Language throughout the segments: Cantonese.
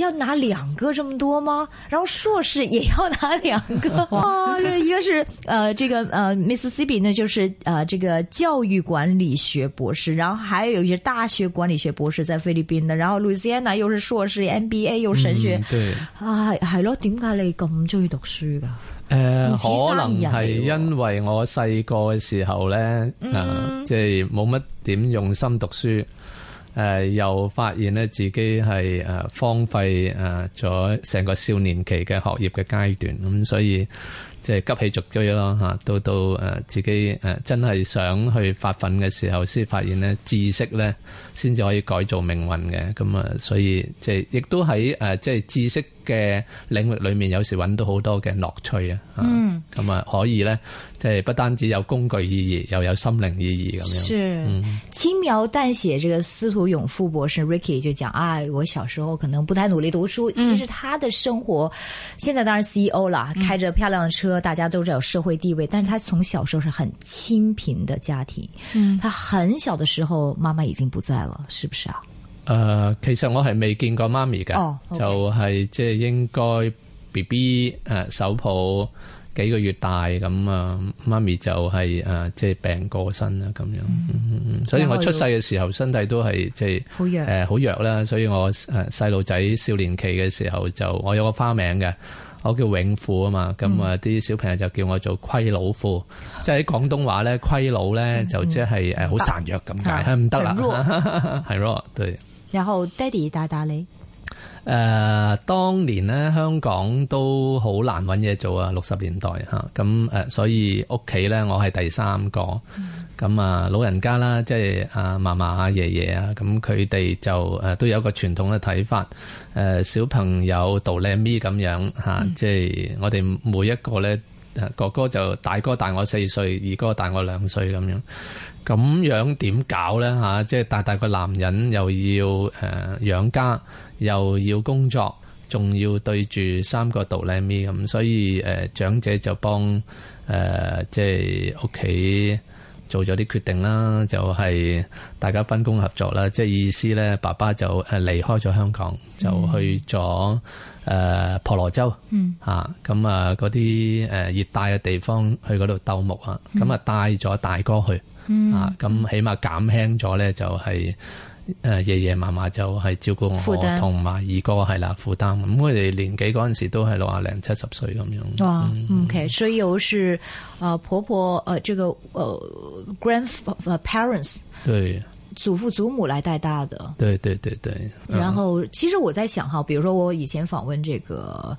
要拿兩個這麼多嗎？然後碩士也要拿兩個 啊，一個是，呃，這個，呃，Mississippi 呢，就是呃這個教育管理學博士，然後還有一些大學管理學博士在菲律賓的，然後路易斯安娜又是碩士，MBA 又是神學，嗯，對，啊係係咯，點解你咁中意讀書噶？誒、呃，可能係因為我細個嘅時候咧，啊、嗯，即係冇乜點用心讀書。誒、呃，又發現咧自己係誒荒廢誒咗成個少年期嘅學業嘅階段咁、嗯，所以。即、就、係、是、急起逐追咯吓到到誒自己誒真係想去發奮嘅時候，先發現咧知識咧先至可以改造命運嘅咁啊，所以即係亦都喺誒即係知識嘅領域裏面，有時揾到好多嘅樂趣啊，咁、嗯、啊可以咧，即係不單止有工具意義又有心靈意義咁樣。是、嗯、輕描淡寫這個司徒永富博士 Ricky 就講啊、哎，我小時候可能不太努力讀書，其實他的生活、嗯、現在當然 CEO 啦，開着漂亮的車。大家都知道社會地位，但是他從小時候是很清貧的家庭，嗯，他很小的時候媽媽已經不在了，是不是啊？誒、呃，其實我係未見過媽咪嘅、哦 okay，就係即係應該 B B 誒，手抱幾個月大咁啊，媽咪就係、是、誒，即、呃、係病過身啦咁樣、嗯嗯，所以我出世嘅時候身體都係即係誒好弱啦、呃，所以我誒細路仔少年期嘅時候就我有個花名嘅。我叫永富啊嘛，咁啊啲小朋友就叫我做虧佬富，嗯、即係喺廣東話咧，虧佬咧就即係誒好孱弱咁解，係唔得啦，係、嗯、咯、嗯嗯嗯嗯嗯，對。然後，Daddy 打打你誒、呃，當年咧香港都好難揾嘢做啊，六十年代吓，咁、啊、誒、啊，所以屋企咧我係第三個，咁、mm -hmm. 啊老人家啦，即係阿嫲嫲啊、爺爺啊，咁佢哋就誒、啊、都有一個傳統嘅睇法，誒、啊、小朋友到靚咪咁樣吓，即、啊、係、mm -hmm. 啊即係、我哋每一個咧。哥哥就大哥大我四歲，二哥大我兩歲咁樣，咁樣點搞呢？吓、啊？即係大大個男人又要誒、呃、養家，又要工作，仲要對住三個獨女咁，所以誒、呃、長者就幫誒、呃、即係屋企。做咗啲決定啦，就係、是、大家分工合作啦，即、就、係、是、意思咧，爸爸就誒離開咗香港，就去咗誒、嗯呃、婆羅洲，嗯啊，咁啊嗰啲誒熱帶嘅地方去嗰度鬥木啊，咁、嗯、啊帶咗大哥去，嗯啊，咁起碼減輕咗咧，就係、是。呃爺爺嫲嫲就係照顧我同埋二哥係啦，負擔咁佢哋年紀嗰陣時都係六啊零七十歲咁樣、嗯。哇，OK，、嗯嗯、所以又是啊、呃、婆婆誒、呃，這個誒、呃、grandparents 對祖父祖母來帶大的，對對對對。然後、嗯、其實我在想哈，比如說我以前訪問這個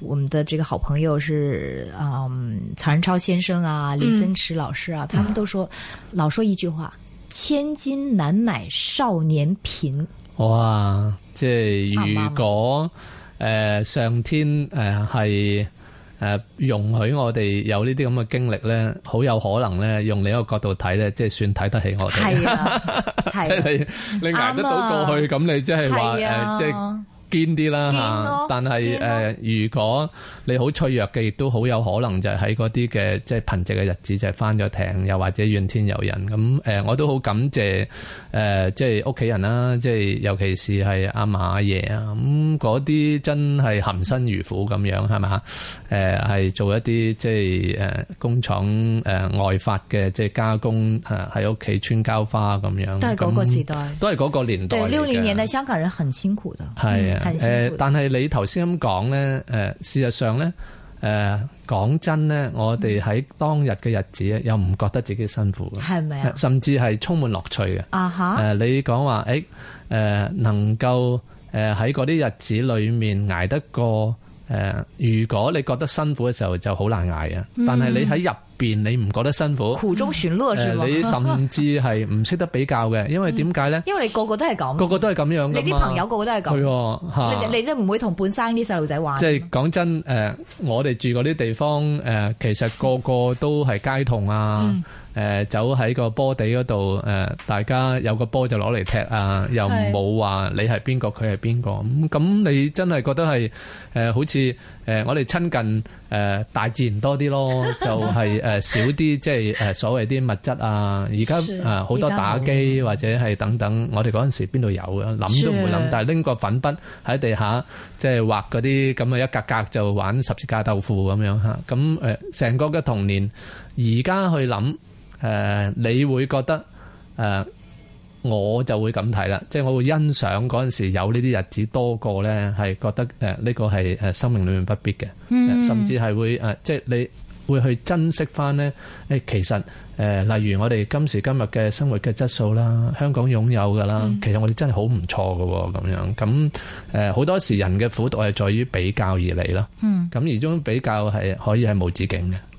我們的這個好朋友是啊、呃、曹仁超先生啊、李森池老師啊，嗯、他們都說、嗯、老說一句話。千金難買少年貧。哇，即係如果誒、啊呃，上天誒係誒容許我哋有呢啲咁嘅經歷咧，好有可能咧，用你一個角度睇咧，即係算睇得起我哋。係啊，啊 即係你、啊、你捱得到過去，咁、啊、你即係話誒即係堅啲啦吓，但係誒、哦呃，如果你好脆弱嘅，亦都好有可能就喺嗰啲嘅即係貧瘠嘅日子，就翻、是、咗艇，又或者怨天尤人咁，誒、呃，我都好感謝誒，即係屋企人啦，即係尤其是係阿媽阿爺啊，咁嗰啲真係含辛茹苦咁樣係咪？誒係做一啲即係誒工廠外發嘅即係加工喺屋企穿膠花咁樣，都係嗰個時代，都係嗰個年代，對六零年代香港人很辛苦嘅係啊。嗯誒、呃，但係你頭先咁講呢，誒、呃，事實上呢，誒、呃，講真呢，我哋喺當日嘅日子咧、嗯，又唔覺得自己辛苦嘅，係咪啊？甚至係充滿樂趣嘅。啊哈誒、呃，你講話，誒、欸，誒、呃，能夠，誒，喺嗰啲日子裏面挨得過，誒、呃，如果你覺得辛苦嘅時候就很的，就好難挨啊。但係你喺入。你唔覺得辛苦？苦中作樂，你、嗯呃、甚至係唔識得比較嘅、嗯，因為點解咧？因為你個個都係咁。個個都係咁樣嘅嘛。你啲朋友個個都係咁、哦啊。你你都唔會同半生啲細路仔玩。即係講真，誒、呃，我哋住嗰啲地方，誒、呃，其實個個都係街童啊。嗯誒走喺個波地嗰度，誒、呃、大家有個波就攞嚟踢啊，又冇話你係邊個佢係邊個咁，咁、嗯、你真係覺得係誒、呃、好似誒、呃、我哋親近誒、呃、大自然多啲咯。 就係誒少啲即係誒所謂啲物質啊。而家啊好多打機或者係等等，我哋嗰陣時邊度有啊，諗都唔會諗。但係拎個粉筆喺地下即係、就是、畫嗰啲咁啊一格格就玩十字架豆腐咁樣嚇。咁成、呃、個嘅童年而家去諗。誒、呃，你會覺得誒、呃，我就會咁睇啦，即、就、係、是、我會欣賞嗰陣時有呢啲日子多過呢，係覺得誒呢個係誒生命裏面不必嘅，嗯，甚至係會誒即係你會去珍惜翻呢。誒、欸，其實誒、呃，例如我哋今時今日嘅生活嘅質素啦，香港擁有噶啦、嗯，其實我哋真係好唔錯噶，咁樣咁誒，好、呃、多時人嘅苦度係在於比較而嚟，啦，咁、嗯、而種比較係可以係無止境嘅。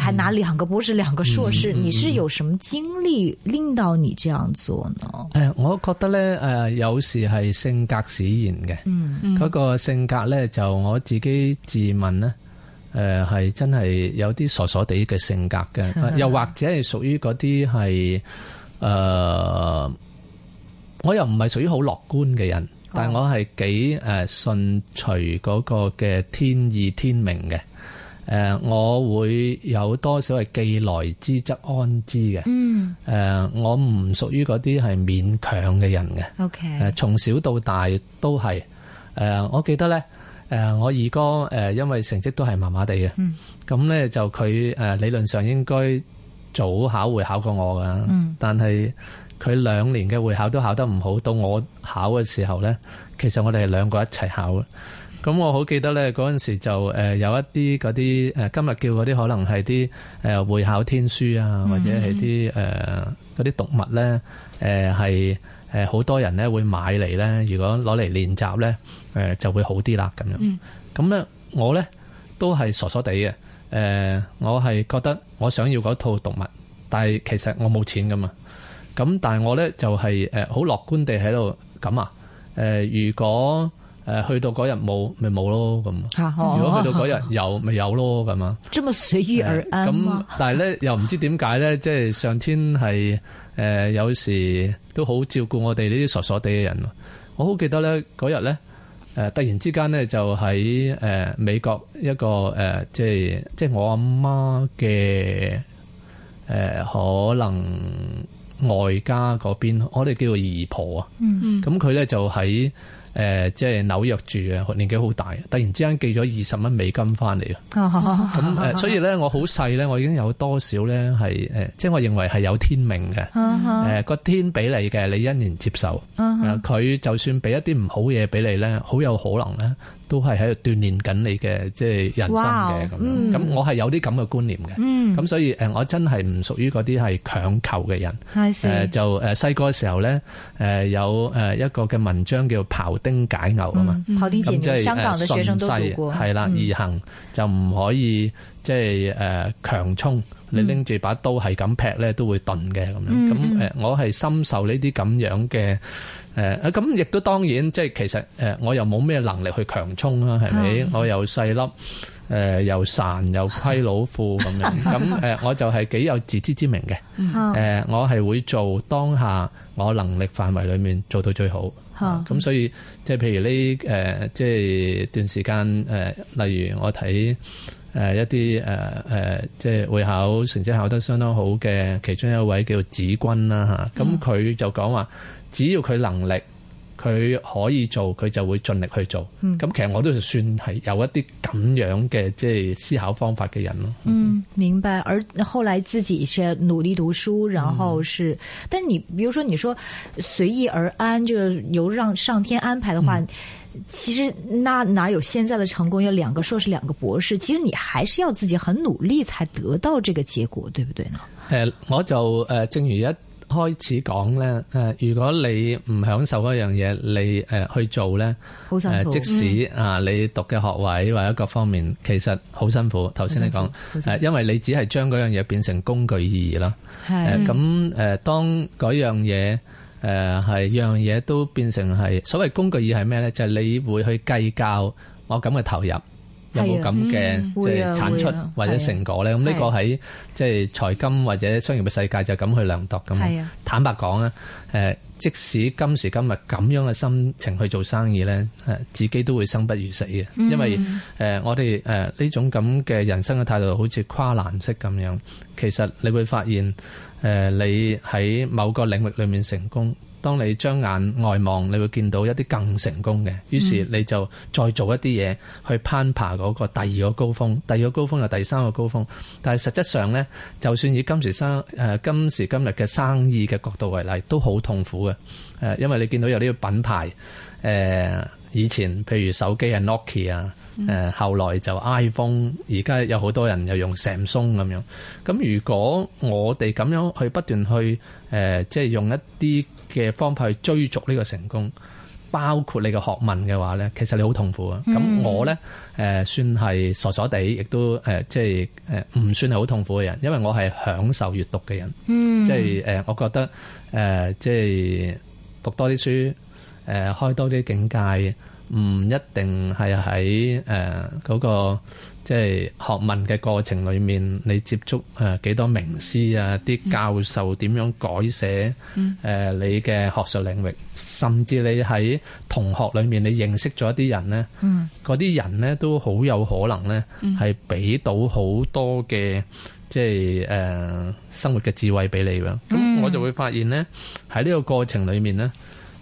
還拿兩個博士，嗯、兩個碩士、嗯嗯，你是有什麼經歷令到你這樣做呢？誒、哎，我覺得咧，誒，有時係性格使然嘅，嗯，嗯，嗰個性格咧就我自己自問咧，誒、呃，係真係有啲傻傻地嘅性格嘅， 又或者係屬於嗰啲係，誒、呃，我又唔係屬於好樂觀嘅人，哦、但係我係幾誒順隨嗰個嘅天意天命嘅。誒、呃，我會有多少係既來之則安之嘅。嗯。誒、呃，我唔屬於嗰啲係勉強嘅人嘅。O、okay. K、呃。誒，從小到大都係。誒、呃，我記得咧，誒、呃，我二哥誒、呃，因為成績都係麻麻地嘅。嗯。咁咧就佢誒、呃，理論上應該早考會考過我噶、嗯。但係佢兩年嘅會考都考得唔好，到我考嘅時候咧，其實我哋係兩個一齊考。咁我好記得咧，嗰陣時就誒有一啲嗰啲誒今日叫嗰啲可能係啲誒會考天書啊，或者係啲誒嗰啲讀物咧，誒係誒好多人咧會買嚟咧，如果攞嚟練習咧，誒就會好啲啦咁樣。咁咧我咧都係傻傻地嘅，誒我係覺得我想要嗰套讀物，但係其實我冇錢㗎嘛。咁但係我咧就係誒好樂觀地喺度咁啊，誒如果。誒，去到嗰日冇，咪冇咯咁、啊。如果去到嗰日、啊、有，咪有咯咁啊。隨遇而安。咁、呃、但係咧，又唔知點解咧，即、就、係、是、上天係誒、呃，有時都好照顧我哋呢啲傻傻地嘅人。我好記得咧，嗰日咧，誒、呃，突然之間咧就喺誒、呃、美國一個誒、呃，即係即係我阿媽嘅誒、呃，可能外家嗰邊，我哋叫做姨婆啊。咁佢咧就喺。誒、呃，即係紐約住嘅，年紀好大，突然之間寄咗二十蚊美金翻嚟啊！咁、哦、誒、呃，所以咧，我好細咧，我已經有多少咧係誒，即係我認為係有天命嘅，誒、嗯、個、呃、天俾你嘅，你欣然接受。佢、呃、就算俾一啲唔好嘢俾你咧，好有可能咧。都係喺度鍛鍊緊你嘅即係人生嘅咁樣，咁我係有啲咁嘅觀念嘅，咁所以誒，我真係唔屬於嗰啲係強求嘅人，誒就誒細個時候咧，誒有誒一個嘅文章叫庖丁解牛啊嘛，咁即係誒順勢係啦，而行就唔可以即係誒強衝，你拎住把刀係咁劈咧都會鈍嘅咁樣，咁誒我係深受呢啲咁樣嘅。誒、呃，咁亦都當然，即係其實誒、呃，我又冇咩能力去強衝啦係咪？Oh. 我又細粒，誒、呃，又孱又虧老婦咁 樣，咁、呃、誒，我就係幾有自知之明嘅。誒、oh. 呃，我係會做當下我能力範圍裏面做到最好。咁、oh. 呃、所以，即係譬如呢，誒、呃，即係段時間，誒、呃，例如我睇誒一啲誒誒，即係會考成績考得相當好嘅其中一位叫做子君啦，吓、呃，咁、oh. 佢、呃、就講話。只要佢能力，佢可以做，佢就會盡力去做。咁、嗯、其實我都算係有一啲咁樣嘅即係思考方法嘅人咯。嗯，明白。而後來自己是努力讀書，然後是，嗯、但是你，比如說，你說隨意而安，就是、由讓上天安排的話、嗯，其實那哪有現在的成功？有兩個碩士，兩個博士，其實你還是要自己很努力才得到這個結果，對不對呢？誒、呃，我就誒、呃，正如一。開始講咧，誒，如果你唔享受嗰樣嘢，你誒去做咧，好辛苦。即使啊，你讀嘅學位或者各方面，嗯、其實好辛苦。頭先你講，因為你只係將嗰樣嘢變成工具意義係，咁誒，當嗰樣嘢誒係樣嘢都變成係所謂工具意義係咩咧？就係、是、你會去計較我咁嘅投入。有冇咁嘅即產出或者成果呢？咁呢個喺即係財金或者商業嘅世界就咁去量度咁，啊啊。坦白講，即使今時今日咁樣嘅心情去做生意呢，誒，自己都會生不如死嘅，因為誒，我哋誒呢種咁嘅人生嘅態度好似跨欄式咁樣，其實你會發現誒，你喺某個領域裏面成功。當你將眼外望，你會見到一啲更成功嘅，於是你就再做一啲嘢去攀爬嗰個第二個高峰，第二個高峰又第三個高峰。但係，實質上呢，就算以今時生誒今時今日嘅生意嘅角度為例，都好痛苦嘅。誒，因為你見到有呢個品牌誒，以前譬如手機係 Nokia 啊，誒，後來就 iPhone，而家有好多人又用 Samsung 咁樣。咁如果我哋咁樣去不斷去誒，即係用一啲嘅方法去追逐呢個成功，包括你嘅學問嘅話呢，其實你好痛苦啊。咁、嗯、我呢，誒、呃、算係傻傻地，亦都誒、呃、即係唔算係好痛苦嘅人，因為我係享受閱讀嘅人，嗯、即係、呃、我覺得誒、呃、即係讀多啲書，誒、呃、開多啲境界。唔一定係喺誒嗰個即係學問嘅過程裏面，你接觸誒幾多名師啊，啲教授點樣改寫誒你嘅學術領域，甚至你喺同學裏面，你認識咗一啲人咧，嗰啲人咧都好有可能咧，係俾到好多嘅即係誒生活嘅智慧俾你㗎。咁我就會發現咧，喺呢個過程裏面咧，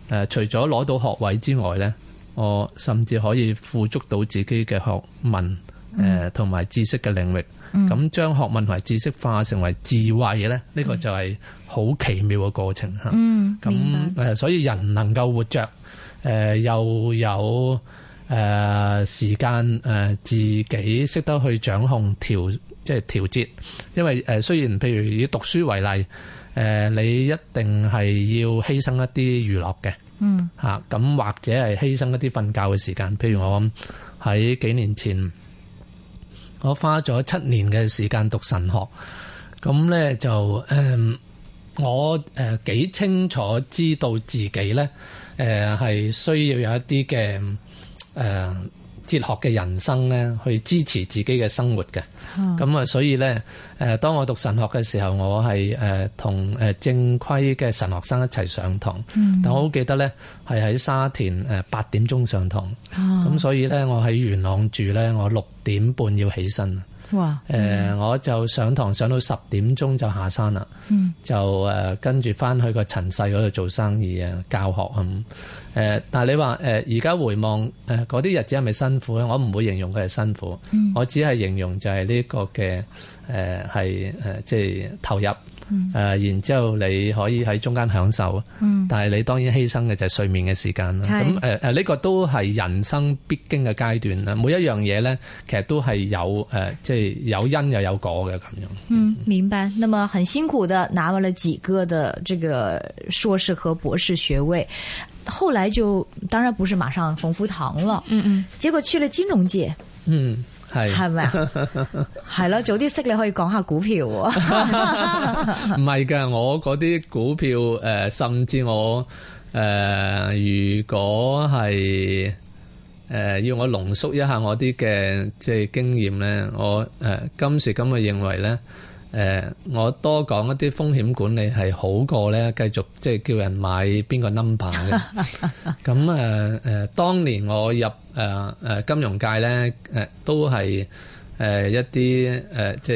誒除咗攞到學位之外咧。我甚至可以富足到自己嘅學問誒，同、嗯、埋、呃、知識嘅領域，咁、嗯、將學問同埋知識化成為智慧嘢咧，呢、嗯，這個就係好奇妙嘅過程吓。咁、嗯、誒、嗯，所以人能夠活着誒、呃，又有誒、呃、時間誒、呃，自己識得去掌控調，即係調節，因為誒、呃，雖然譬如以讀書為例。誒，你一定係要犧牲一啲娛樂嘅，嗯嚇，咁或者係犧牲一啲瞓覺嘅時間。譬如我咁喺幾年前，我花咗七年嘅時間讀神學，咁咧就誒，我誒幾清楚知道自己咧誒，係需要有一啲嘅誒。呃哲學嘅人生咧，去支持自己嘅生活嘅。咁、哦、啊，所以咧，誒，當我讀神學嘅時候，我係誒同誒正規嘅神學生一齊上堂、嗯。但我好記得咧，係喺沙田誒八點鐘上堂。咁、哦、所以咧，我喺元朗住咧，我六點半要起身。哇、呃嗯！我就上堂上到十點鐘就下山啦、嗯，就誒、呃、跟住翻去個陳世嗰度做生意啊，教學咁誒、嗯呃。但係你話誒，而、呃、家回望誒嗰啲日子係咪辛苦咧？我唔會形容佢係辛苦，嗯、我只係形容就係呢個嘅誒係即係投入。誒、嗯，然之後你可以喺中間享受，嗯、但係你當然犧牲嘅就係睡眠嘅時間啦。咁誒誒，呢、呃，這個都係人生必經嘅階段啦。每一樣嘢咧，其實都係有誒，即、呃、係、就是、有因又有果嘅咁樣。嗯，明白。那麼很辛苦的拿完了幾個的這個碩士和博士學位，後來就當然不是馬上鴻福堂了。嗯嗯，結果去了金融界。嗯。係係咪啊？係咯， 早啲識你可以講下股票。唔係噶，我嗰啲股票誒、呃，甚至我誒、呃，如果係誒、呃，要我濃縮一下我啲嘅即係經驗咧，我誒、呃、今時今日認為咧。誒，我多講一啲風險管理係好過咧，繼續即係叫人買邊個 number 嘅。咁誒誒，當年我入誒金融界咧，都係一啲誒，即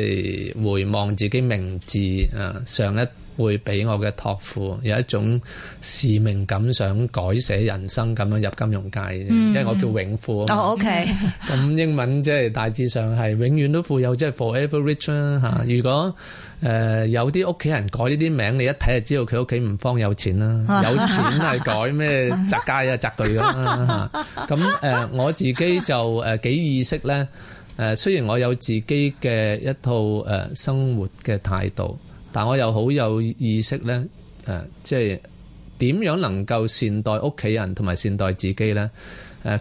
係回望自己名字誒上一。會俾我嘅託付，有一種使命感，想改寫人生咁樣入金融界、嗯。因為我叫永富、嗯、哦，OK。咁英文即係大致上係永遠都富有，即係 forever rich 啦、嚇、如果、呃、有啲屋企人改呢啲名，你一睇就知道佢屋企唔方有錢啦。 有錢係改咩？宅街啊，宅句咁咁我自己就、呃、幾意識咧、呃。雖然我有自己嘅一套、呃、生活嘅態度。但我又好有意識咧，誒，即係點樣能夠善待屋企人同埋善待自己咧？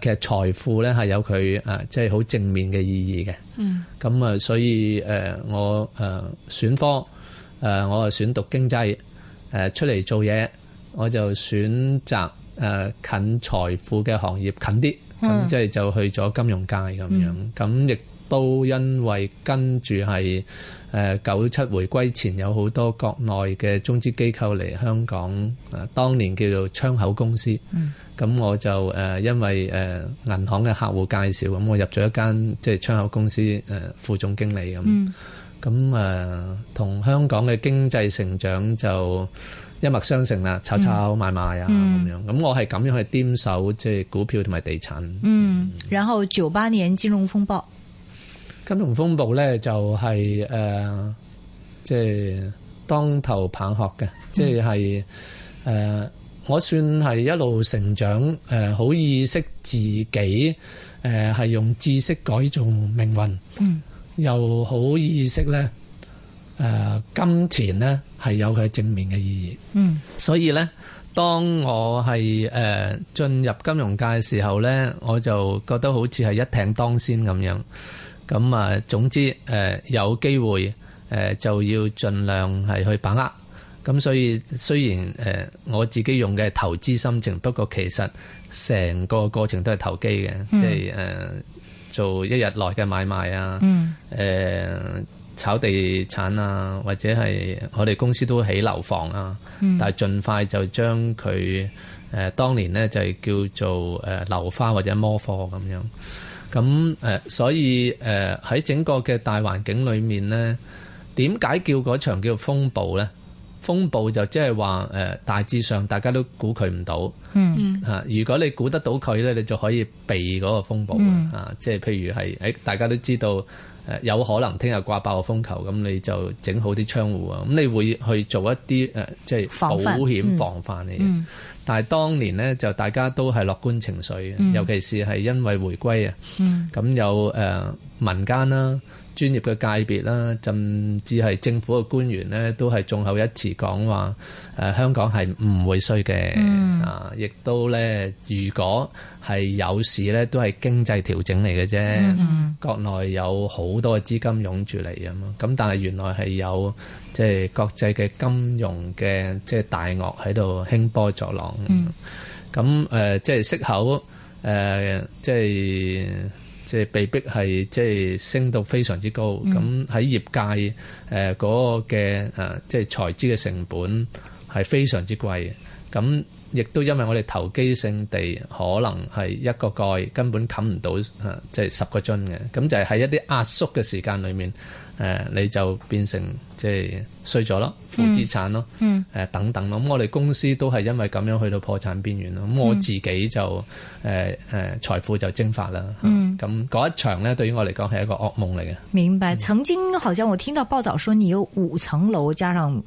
其實財富咧係有佢誒，即係好正面嘅意義嘅。嗯。咁啊，所以我誒選科，我係選讀經濟。出嚟做嘢，我就選擇誒近財富嘅行業近啲。咁即係就去咗金融界咁樣。咁、嗯、亦都因為跟住係。誒、呃、九七回歸前有好多國內嘅中資機構嚟香港，啊，當年叫做窗口公司。咁、嗯、我就誒、呃、因為誒、呃、銀行嘅客戶介紹，咁我入咗一間即係窗口公司誒、呃、副總經理咁。咁誒同香港嘅經濟成長就一脈相承啦，炒炒賣賣啊咁樣。咁、嗯嗯、我係咁樣去掂手即係股票同埋地產。嗯，嗯然後九八年金融風暴。金融風暴呢、就係呃，就係誒，即係當頭棒喝嘅，即係誒，我算係一路成長誒，好、呃、意識自己誒，係、呃、用知識改造命運，嗯、又好意識呢，誒、呃，金錢呢係有佢正面嘅意義，嗯，所以呢，當我係誒、呃、進入金融界嘅時候呢，我就覺得好似係一艇當先咁樣。咁啊，總之，誒，有機會，誒，就要盡量係去把握。咁所以雖然誒，我自己用嘅投資心情，不過其實成個過程都係投機嘅，嗯，即係誒做一日內嘅買賣啊，誒、嗯、炒地產啊，或者係我哋公司都起樓房啊，嗯，但係盡快就將佢誒當年呢，就係叫做誒樓花或者魔貨咁樣。咁誒、呃，所以誒喺、呃、整個嘅大環境裏面咧，點解叫嗰場叫風暴咧？風暴就即係話誒，大致上大家都估佢唔到，嗯，嚇，如果你估得到佢咧，你就可以避嗰個風暴、嗯、啊，即、就、係、係、譬如係大家都知道。誒有可能聽日掛爆個風球，咁你就整好啲窗戶啊。咁你會去做一啲誒，即係保險防範嘅嘢、嗯嗯。但係當年呢，就大家都係樂觀情緒，尤其是係因為回歸啊。咁、嗯、有誒、呃、民間啦。專業嘅界別啦，甚至係政府嘅官員咧，都係眾口一詞講話誒，香港係唔會衰嘅、嗯、啊！亦都咧，如果係有事咧，都係經濟調整嚟嘅啫。國內有好多嘅資金湧住嚟啊！咁但係原來係有即係、就是、國際嘅金融嘅即係大鱷喺度興波作浪。咁、嗯、誒，即係息口誒，即、呃、係。就是即係被逼係即係升到非常之高，咁、嗯、喺業界誒嗰個嘅誒，即係財資嘅成本係非常之貴嘅。咁。亦都因為我哋投機性地，可能係一個蓋根本冚唔到，即、啊、係、係、十個樽嘅，咁就係喺一啲壓縮嘅時間裏面、啊，你就變成即係、係、衰咗咯，負資產咯、嗯啊，等等咯。咁我哋公司都係因為咁樣去到破產邊緣咯。咁我自己就誒誒、嗯啊、財富就蒸發啦。咁、嗯、嗰、啊、一場呢，對於我嚟講係一個噩夢嚟嘅。明白。曾經好像我聽到報道說，你有五層樓加上。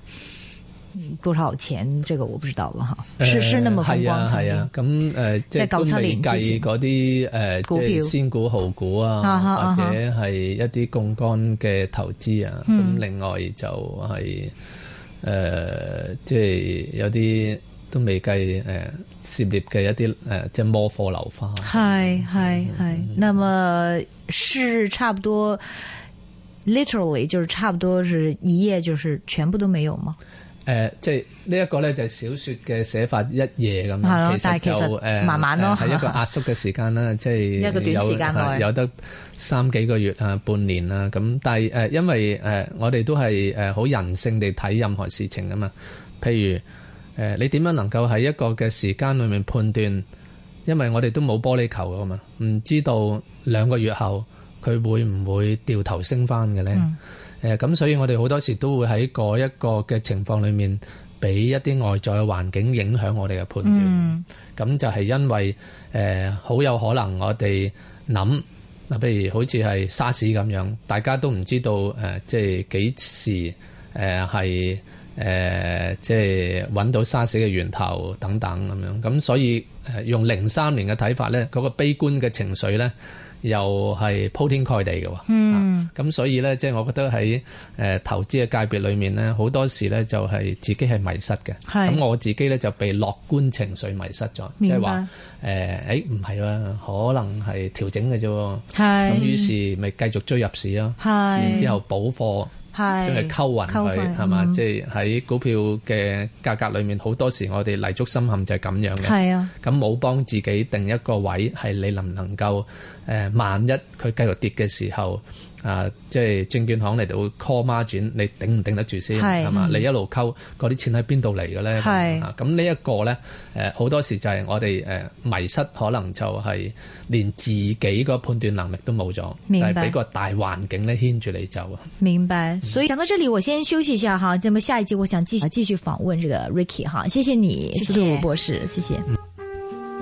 多少錢？這個我不知道了哈、呃。是是，那麼風光曾經。係啊係啊，咁誒、呃，即係都未計啲誒股票、仙股毫股啊，啊哈啊哈或者係一啲槓桿嘅投資啊。咁、嗯、另外就係、是、誒、呃，即係有啲都未計誒，涉獵嘅一啲誒，即係摩科流花。係係係。那麼是，是，是差不多、嗯、literally 就是差不多是一夜，就是全部都沒有嗎？誒，即係呢一個咧，就係小說嘅寫法，一夜咁，其實又慢慢咯，係一個壓縮嘅時間啦，即係一個短時間內有得三幾個月啊，半年啊。咁。但係誒，因為誒，我哋都係誒好人性地睇任何事情㗎嘛。譬如誒，你點樣能夠喺一個嘅時間裏面判斷？因為我哋都冇玻璃球㗎嘛，唔知道兩個月後佢會唔會掉頭升翻嘅咧？嗯誒、呃、咁，所以我哋好多時都會喺個一個嘅情況裏面，俾一啲外在嘅環境影響我哋嘅判斷咁、嗯、就係因為誒，好、呃、有可能我哋諗嗱，譬如好似係沙士咁樣，大家都唔知道誒，即係幾時誒係誒，即係揾、呃呃、到沙士嘅源頭等等咁樣。咁所以誒，用零三年嘅睇法咧，嗰、那個悲觀嘅情緒咧。又係鋪天蓋地嘅，咁，嗯，啊，所以呢，即、就、係、是、我覺得喺，呃，投資嘅界別裏面呢，好多時呢就係自己係迷失嘅。咁我自己呢就被樂觀情緒迷失咗，即係話誒，唔、就、係、是呃，欸，啦，可能係調整嘅啫。咁於是咪繼續追入市囉，然之後補貨。將係溝勻佢係嘛，即係喺股票嘅價格裏面，好多時我哋泥足深陷就係咁樣嘅。係啊，咁冇幫自己定一個位，係你能唔能夠誒、呃？萬一佢繼續跌嘅時候。啊，即係證券行嚟到 call 孖展，你頂唔頂得住先係嘛？你一路溝嗰啲錢喺邊度嚟嘅咧？係咁、啊、呢一個咧，誒、呃，好多時就係我哋誒、呃、迷失，可能就係連自己個判斷能力都冇咗，但係俾個大環境咧牽住你走。明白。所以講、嗯、到這裏，我先休息一下哈。咁麼下一集，我想繼繼續訪問這個 Ricky 哈、啊，謝謝你，謝謝吳博士，謝謝。嗯